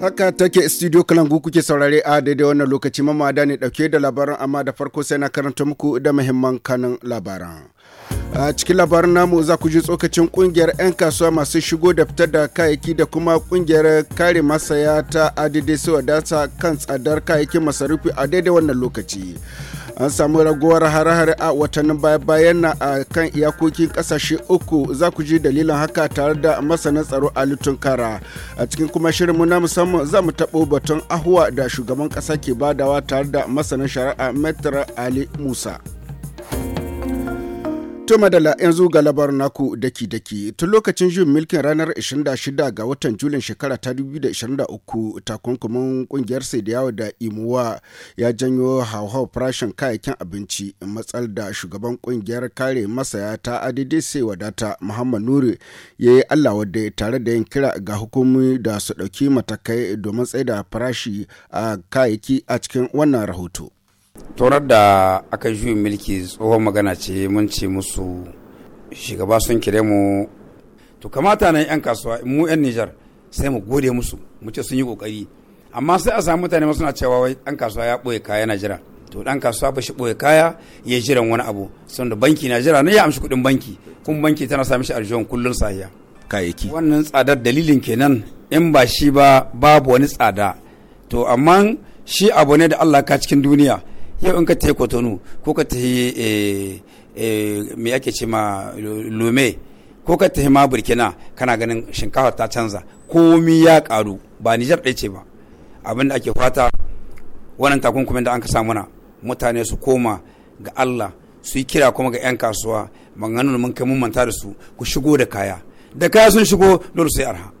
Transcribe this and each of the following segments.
Haka take studio kalangu kuke saurare a daidai wannan lokaci mamada ne dauke da labaran amma da farko sai na karanta muku da muhimman kanin labaran. a cikin labarin namu za ku ji tsokacin kungiyar 'yan kasuwa masu shigo da fitar da kayayyaki da kuma kungiyar kare masaya ta adidai wadata kan tsadar kayayyakin masarufi a daidai wannan lokaci an samu raguwar har hare a watannin baya-bayan na a kan iyakokin kasashe uku za ku ji dalilin haka tare da masanin tsaro a kara a cikin kuma shirinmu na musamman za mu taɓo batun ahuwa da shugaban ƙasa ke badawa tare da masanin shari'a metra ali musa To madala yanzu ga labarin naku daki-daki tun lokacin juyin milkin ranar 26 ga watan Julin shekara ta 2023 takunkumin kungiyar yawo da imuwa ya janyo hauhau farashin kayayyakin abinci matsal da shugaban kungiyar kare masaya ta sai wadata Muhammad Nuri ya yi Allah wadda tare da yin kira ga hukumi da su ɗauki matakai domin tsaida farashi a kayayyaki a cikin wannan rahoto. torar da aka juyin milki tsohon magana ce mun ce musu shugaba sun kire mu to kamata na 'yan kasuwa mu 'yan nijar sai mu gode musu mu ce sun yi kokari amma sai a samu mutane masu na cewa wai ɗan kasuwa ya boye kaya na jira to ɗan kasuwa ba shi ɓoye kaya ya jiran wani abu sanda banki na jira na ya amshi kuɗin banki kun banki tana sami shi arjiyon kullun sahiya kayayyaki wannan tsadar dalilin kenan in ba shi ba babu wani tsada to amma shi abu ne da Allah ka cikin duniya yau in ka tafi kotonu ko ka yi eh, eh, me ake ce ma lome ko ka yi ma burkina kana ganin shinkafa ta canza komi ya karu ba nijar ɗaya ce ba abin da ake fata wannan takunkumin da an ka samuna mutane su koma ga allah su yi kira kuma ga 'yan kasuwa maganganun mun kai mun manta da su ku shigo da kaya da kaya sun shigo dole sai arha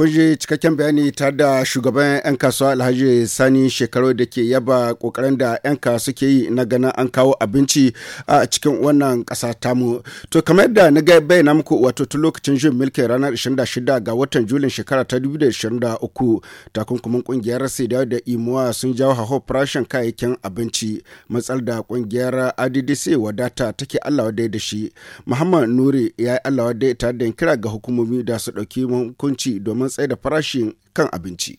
kun cikakken bayani ta da shugaban 'yan kasuwa alhaji sani shekaru da ke yaba kokarin da 'yan kasuwa suke yi na gana an kawo abinci a cikin wannan kasa tamu to kamar da na ga bayyana muku wato tun lokacin jin milkin ranar 26 ga watan julin shekara ta 2023 takunkumin kungiyar sai da imuwa sun jawo haho farashin kayayyakin abinci matsal da kungiyar addc wadata take allah wadai da shi muhammad nuri ya yi allawa ta tare da kira ga hukumomi da su ɗauki hukunci domin tsaida farashin kan abinci.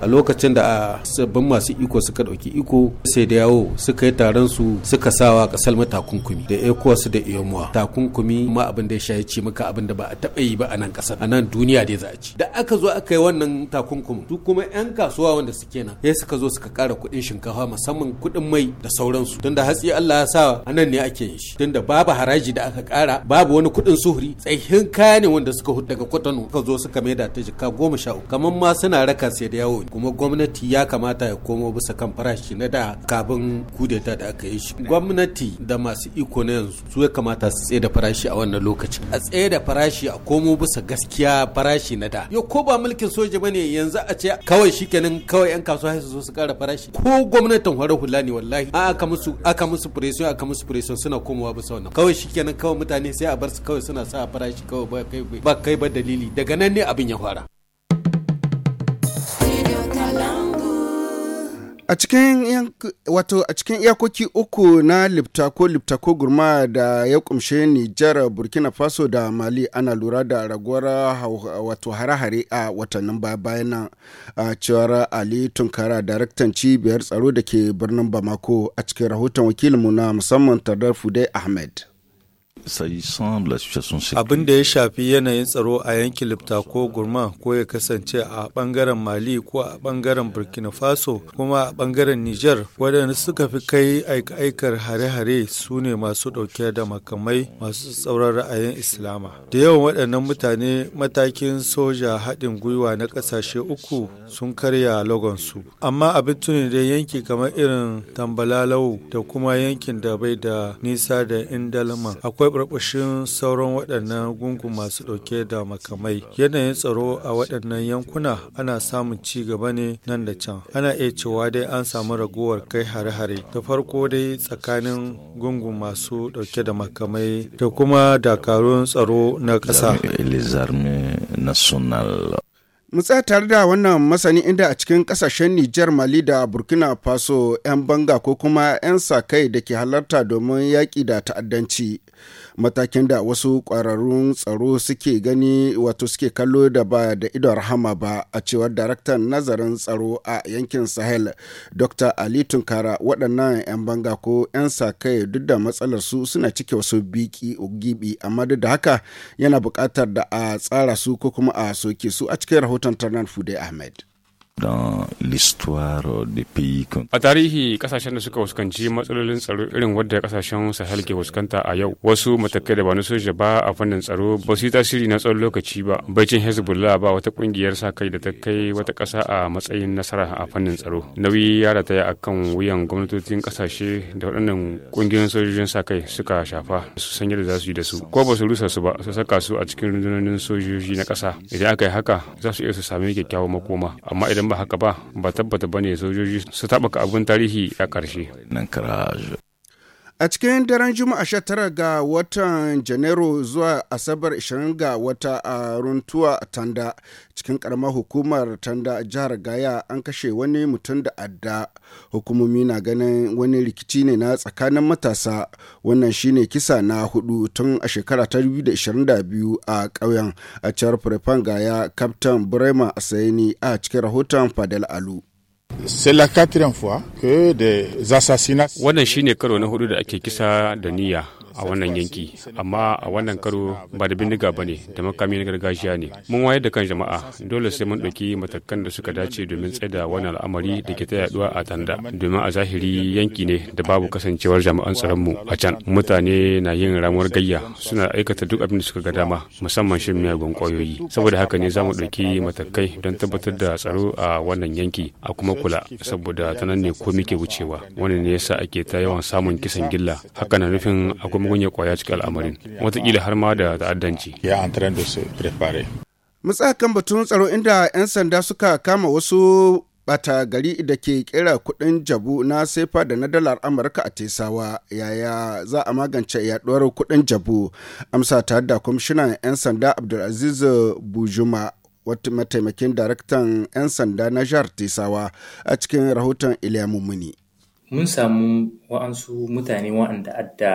a lokacin da a sabbin masu iko suka dauki iko sai da yawo suka yi taron su suka sawa kasar takunkumi da ecowas da iyomuwa takunkumi ma abin da ya shaye ce maka abin da ba a taba yi ba a nan kasar a nan duniya dai za a ci da aka zo aka yi wannan takunkumi su kuma yan kasuwa wanda suke nan sai suka zo suka kara kuɗin shinkafa musamman kuɗin mai da sauransu tunda hatsi Allah ya sa a nan ne ake yin shi tunda babu haraji da aka kara babu wani kuɗin suhuri tsayin kaya ne wanda suka hudu daga kwatano suka zo suka maida ta jika goma sha uku kamar ma suna raka sai da yawo kuma gwamnati ya kamata ya komo bisa kan farashi na da kafin kudeta da aka yi shi gwamnati da masu iko na yanzu su ya kamata su tsaye da farashi a wannan lokaci a tsaye da farashi a komo bisa gaskiya farashi na da yau ko ba mulkin soja bane yanzu a ce kawai shikenan kawai yan kasuwa su zo su kara farashi ko gwamnatin hore hula ne wallahi a aka musu aka musu pression aka musu pression suna komowa bisa wannan kawai shikenan kawai mutane sai a bar su kawai suna sa farashi kawai ba kai ba dalili daga nan ne abin ya fara A cikin wato a cikin iyakoki uku na Liptako Liptako Gurma da ya kumshe Nijar, Burkina Faso da Mali ana lura da raguwar wato hare-hare a watannin bayan nan a cewar Ali Tunkara daraktan cibiyar tsaro da ke birnin Bamako a cikin rahoton wakilinmu na musamman Tardar fudai Ahmed. Abin da ya shafi yanayin tsaro a yankin Lipta ko Gurma ko ya kasance a bangaren Mali ko a bangaren Burkina Faso kuma a bangaren niger waɗanda suka fi kai aika-aikar hare-hare su ne masu ɗauke da makamai masu tsauran ra'ayin Islama. Da yawan waɗannan mutane matakin soja haɗin gwiwa na ƙasashe uku sun karya su Amma abin tuni da yanki kamar irin Tambalalau da kuma yankin da bai da nisa da Indalman akwai burbushin sauran waɗannan gungun masu ɗauke da makamai yanayin tsaro a waɗannan yankuna ana samun ci gaba ne nan da can ana iya cewa dai an samu ragowar kai hare-hare ta farko dai tsakanin gungun masu ɗauke da makamai da kuma dakarun tsaro na ƙasa mutsa tare da wannan masani inda a cikin kasashen Nijar Mali da Burkina Faso 'yan banga ko kuma 'yan sa kai da ke halarta domin yaƙi da ta'addanci. matakin da wasu kwararrun tsaro suke gani wato suke kallo da ba da ido rahama ba a cewar daraktan nazarin tsaro a yankin sahel dr ali tunkara waɗannan 'yan banga ko 'yan sa-kai duk da matsalar su suna cike wasu biki gibi amma duk da haka yana buƙatar da a tsara su ko kuma a soke su a cikin rahoton tarnan fude ahmed A tarihi kasashen da suka fuskanci matsalolin tsaro irin wadda kasashen Sahel ke fuskanta a yau, wasu matakai da ba na soja ba a fannin tsaro ba su yi tasiri na tsawon lokaci ba. bacin Hezbollah ba wata kungiyar sa kai da ta kai wata kasa a matsayin nasara a fannin tsaro. Nauyi ya rataya a kan wuyan gwamnatocin kasashe da waɗannan kungiyoyin sojojin sa kai suka shafa su san yadda za su yi da su. Ko ba su rusa su ba, su saka su a cikin rundunonin sojoji na ƙasa. Idan aka yi haka, za su iya su sami kyakkyawan makoma. Amma idan ba haka ba ba tabbata bane sojoji su taɓaka abin tarihi a ƙarshe A cikin daren Juma'a 19 ga watan Janairu zuwa Asabar 20 ga wata a runtuwa Tanda cikin karamar hukumar Tanda jihar Gaya an kashe wani mutum da adda. Hukumomi na ganin wani rikici ne na tsakanin matasa wannan shine kisa na hudu tun a shekara ta 2022 a ƙauyen a cewar Gaya Captain Burema Asayeni a cikin rahoton Fadal Alu. C'est la quatrième fois que des assassinats. Wannan shine karo na hudu da ake kisa da niyya a wannan yanki amma a wannan karo ba da bindiga ba ne da makami na gargajiya ne mun wayar da kan jama'a dole sai mun ɗauki matakan da suka dace domin tsaida wannan al'amari da ke ta yaduwa a tanda domin a zahiri yanki ne da babu kasancewar jama'an tsaron mu a can mutane na yin ramuwar gayya suna aikata duk abin da suka ga dama musamman shin miyagun kwayoyi saboda haka ne za mu ɗauki matakai don tabbatar da tsaro a wannan yanki a kuma kula saboda ta nan ne ko muke wucewa wannan ne yasa ake ta yawan samun kisan gilla haka na nufin kuma. mugunya kwaya cikin al'amarin watakila har ma da ta'addanci kan batun tsaro inda 'yan sanda suka kama wasu bata gari da ke kera kudin jabu na sefa da na dalar amurka a tesawa yaya za a magance yaduwar kudin jabu amsa ta da kwamishinan 'yan sanda abdulaziz bujuma wata mataimakin daraktan 'yan sanda na jihar tesawa a cikin rahoton iliya mummuni mun samu wa'ansu mutane wa'anda adda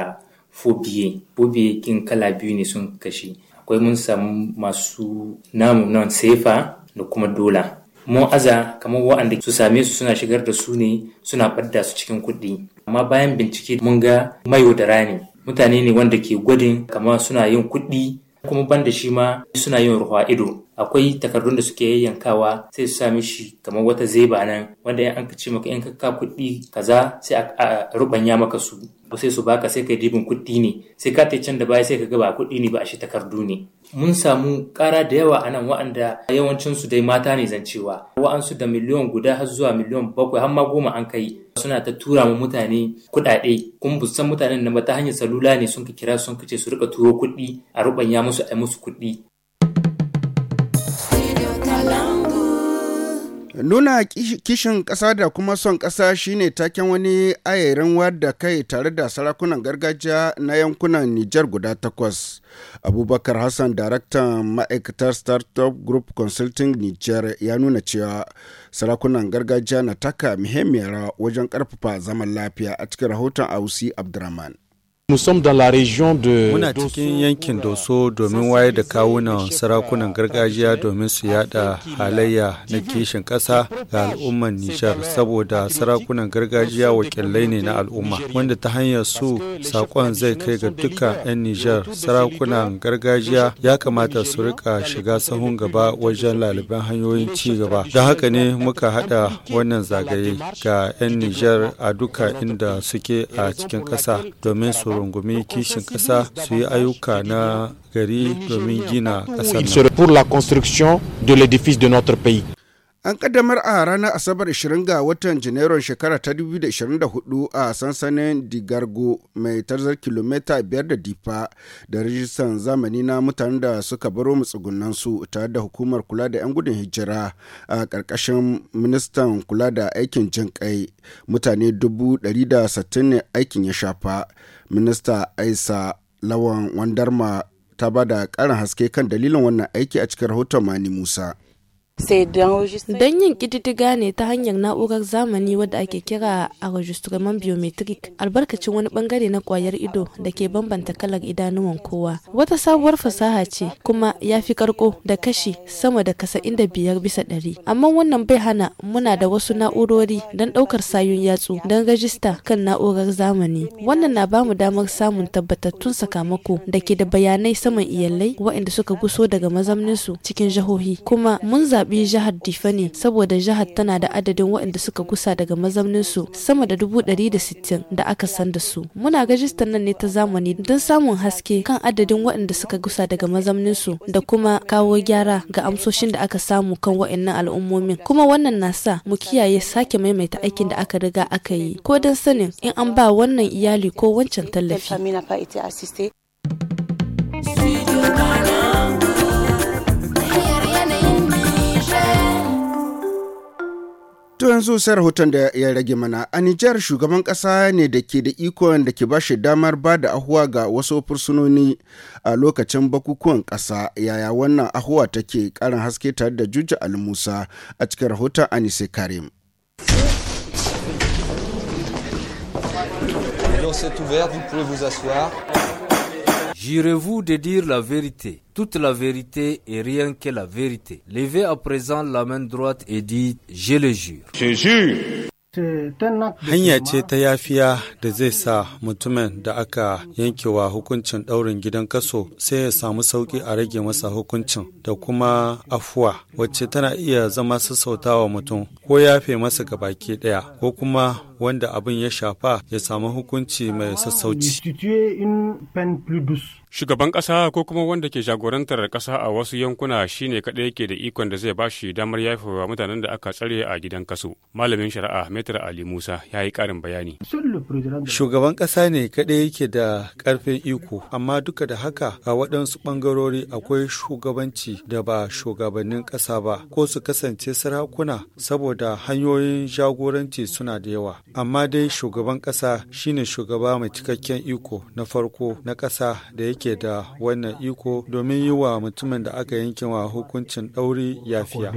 fobiye fobiye kin kala biyu ne sun kashi akwai mun samu masu namu nan sefa da kuma dola mun aza kamar wa'anda su same su suna shigar da su ne suna fadda su cikin kuɗi amma bayan bincike mun ga mayo da rani mutane ne wanda ke gwadin kamar suna yin kuɗi kuma banda shi ma suna yin ruwa ido akwai takardun da suke yankawa sai su sami shi kamar wata zeba nan wanda in an ka ce maka in ka kuɗi kaza sai a rubanya maka su sai su baka sai kai dibin kuɗi ne sai ka can da baya sai ka gaba kuɗi ne ba a shi takardu ne mun samu ƙara da yawa a nan wa'anda yawancin su dai mata ne zancewa wa'ansu da miliyan guda har zuwa miliyan bakwai har ma goma an kai suna ta tura mu mutane kuɗaɗe kuma bu san mutanen nan ba ta hanyar salula ne sun ka kira sun ce su rika turo kuɗi a rubanya musu a musu kuɗi Nuna kishin ƙasa da kuma son ƙasa shine taken wani ayyarin wadda kai tare da sarakunan gargajiya na yankunan Nijar guda takwas. Abubakar Hassan, daraktan ma'aikatar Startup Group Consulting Nijar ya nuna cewa sarakunan gargajiya na taka muhimmiyar wajen karfafa zaman lafiya a cikin rahoton Ausi Abdurrahman. Muna cikin yankin Doso domin wayar da kawunan sarakunan gargajiya domin su yada halayya na kishin ƙasa ga al'umman Nijar saboda sarakunan gargajiya wakilai ne na al'umma wanda ta hanyar su sakon zai kai ga duka 'yan Nijar sarakunan gargajiya ya kamata su rika shiga sahun gaba wajen laliban hanyoyin ci gaba. Don haka ne muka hada wannan zagaye ga 'yan Nijar a duka inda suke a cikin ƙasa domin su rungumi kishin kasa su yi ayyuka na gari domin gina notre pays. An kaddamar a ranar Asabar 20 ga watan Janairun shekara ta 2024 a sansanin Digargo mai tarzar kilomita 5 da difa da rijistan zamani na mutanen da suka baro su tare da hukumar kula da 'yan gudun hijira a ƙarƙashin ministan kula da aikin jin kai mutane 160 ne aikin ya shafa. Minista Aisa Lawan Wandarma ta bada ƙarin haske kan dalilin wannan aiki a cikin rahoton Mani Musa. Don yin ƙididdiga ne ta hanyar na'urar zamani wadda ake kira a enregistrement biometric albarkacin wani bangare na kwayar ido da ke bambanta kalar idanuwan kowa. Wata sabuwar fasaha ce kuma ya fi karko da kashi sama da kasa'in da biyar bisa ɗari. Amma wannan bai hana muna da wasu na'urori don ɗaukar sayun yatsu don rajista kan na'urar zamani. Wannan na bamu damar samun tabbatattun sakamako da ke da bayanai saman iyalai waɗanda suka guso daga mazamninsu cikin jihohi kuma mun zaɓi jihar Difa saboda jihar tana da adadin waɗanda suka gusa daga mazauninsu sama da dubu ɗari da sittin da aka san da su. Muna rajistar nan ne ta zamani don samun haske kan adadin waɗanda suka gusa daga mazaunin da kuma kawo gyara ga amsoshin da aka samu kan waɗannan al'ummomin. Kuma wannan na sa mu kiyaye sake maimaita aikin da aka riga aka yi ko don sanin in an ba wannan iyali ko wancan tallafi. To yanzu sai rahoton da ya rage mana a Nijar shugaban ƙasa ne da ke da ikon da ke bashi damar ba da ahuwa ga wasu fursunoni a lokacin bakukuwan ƙasa yaya wannan ahuwa take ƙarin haske tare da Juja Almusa a cikin rahoton Anise Karim. L'audience vous pouvez vous asseoir. Jurez-vous de dire la vérité, toute la vérité et rien que la vérité. Levez à présent la main droite et dites Je le jure. Je jure. Hanya ce ta yafiya da zai sa mutumin da aka yankewa hukuncin ɗaurin gidan kaso sai ya samu sauƙi a rage masa hukuncin da kuma afuwa wacce tana iya zama sassautawa mutum ko yafe masa gabaki ɗaya ko kuma wanda abin ya shafa ya samu hukunci mai sassauci. Shugaban ƙasa ko kuma wanda ke jagorantar ƙasa a wasu yankuna shine kaɗai ke da ikon da zai bashi damar yafewa mutanen da aka tsare a gidan kasu Malamin shari'a Metra Ali Musa ya yi ƙarin bayani. Shugaban ƙasa ne kaɗai yake da ƙarfin iko, amma duka da haka a waɗansu ɓangarori akwai shugabanci da ba shugabannin ƙasa ba, ko su kasance sarakuna saboda hanyoyin jagoranci suna da yawa. amma dai shugaban ƙasa shine shugaba mai cikakken iko na farko na ƙasa da yake da wannan iko domin yi wa mutumin da aka yanke wa hukuncin ɗauri yafiya.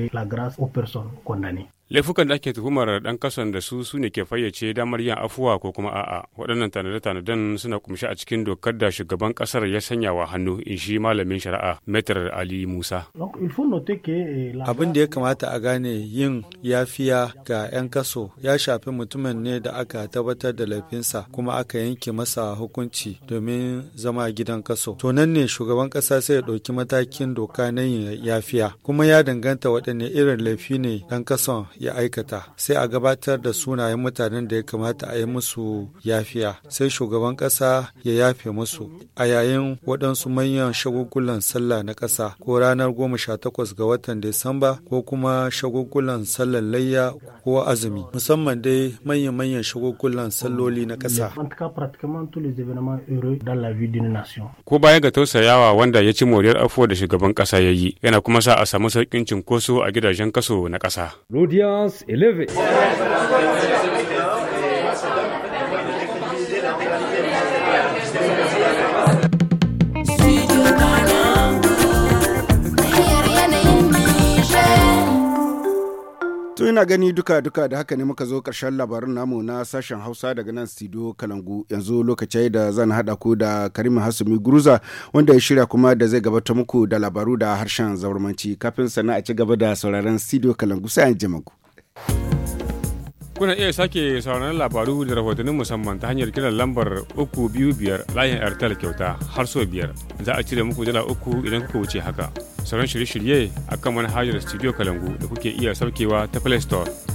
laifukan da ake tuhumar dan kasan da su su ke fayyace damar yin afuwa ko kuma a'a waɗannan tanade-tanaden suna kumshi a cikin dokar da shugaban kasar ya sanya wa hannu in shi malamin shari'a metar ali musa eh, abin da ya kamata a gane yin yafiya ga 'yan kaso ya shafi mutumin ne da aka tabbatar da laifinsa kuma aka yanke masa hukunci domin zama gidan kaso to nan ne shugaban kasa sai ya ɗauki matakin doka na yin yafiya kuma ya danganta waɗanne irin laifi ne dan kason ya aikata sai a gabatar da sunayen mutanen da ya kamata a yi musu yafiya sai shugaban ƙasa ya yafe musu a yayin waɗansu manyan shagugulan sallah na ƙasa ko ranar goma sha takwas ga watan disamba ko kuma shagugulan sallar layya ko azumi musamman dai manyan-manyan shagugulan salloli na ƙasa ko baya ga tausayawa wanda ya ci moriyar afuwa da shugaban ƙasa ya yi yana kuma sa a samu sauƙin cinkoso a gidajen kaso na ƙasa. Rodiya élevé To ina gani duka-duka da haka ne muka zo karshen labarin namu na sashen Hausa daga nan studio Kalangu yanzu lokaci da zan hada ku da Karim Hasumi Guruza wanda ya shirya kuma da zai gabata muku da labaru da harshen zaurmanci kafin sana a ci gaba da sauraron studio Kalangu sai an jima Kuna iya sake sauraron labaru da rahotannin musamman ta hanyar kiran lambar 325 layin Airtel kyauta har so biyar za a cire muku dala uku idan kuka wuce haka. sauran shirye-shirye a kan manhajar studio kalangu da kuke iya saukewa ta play store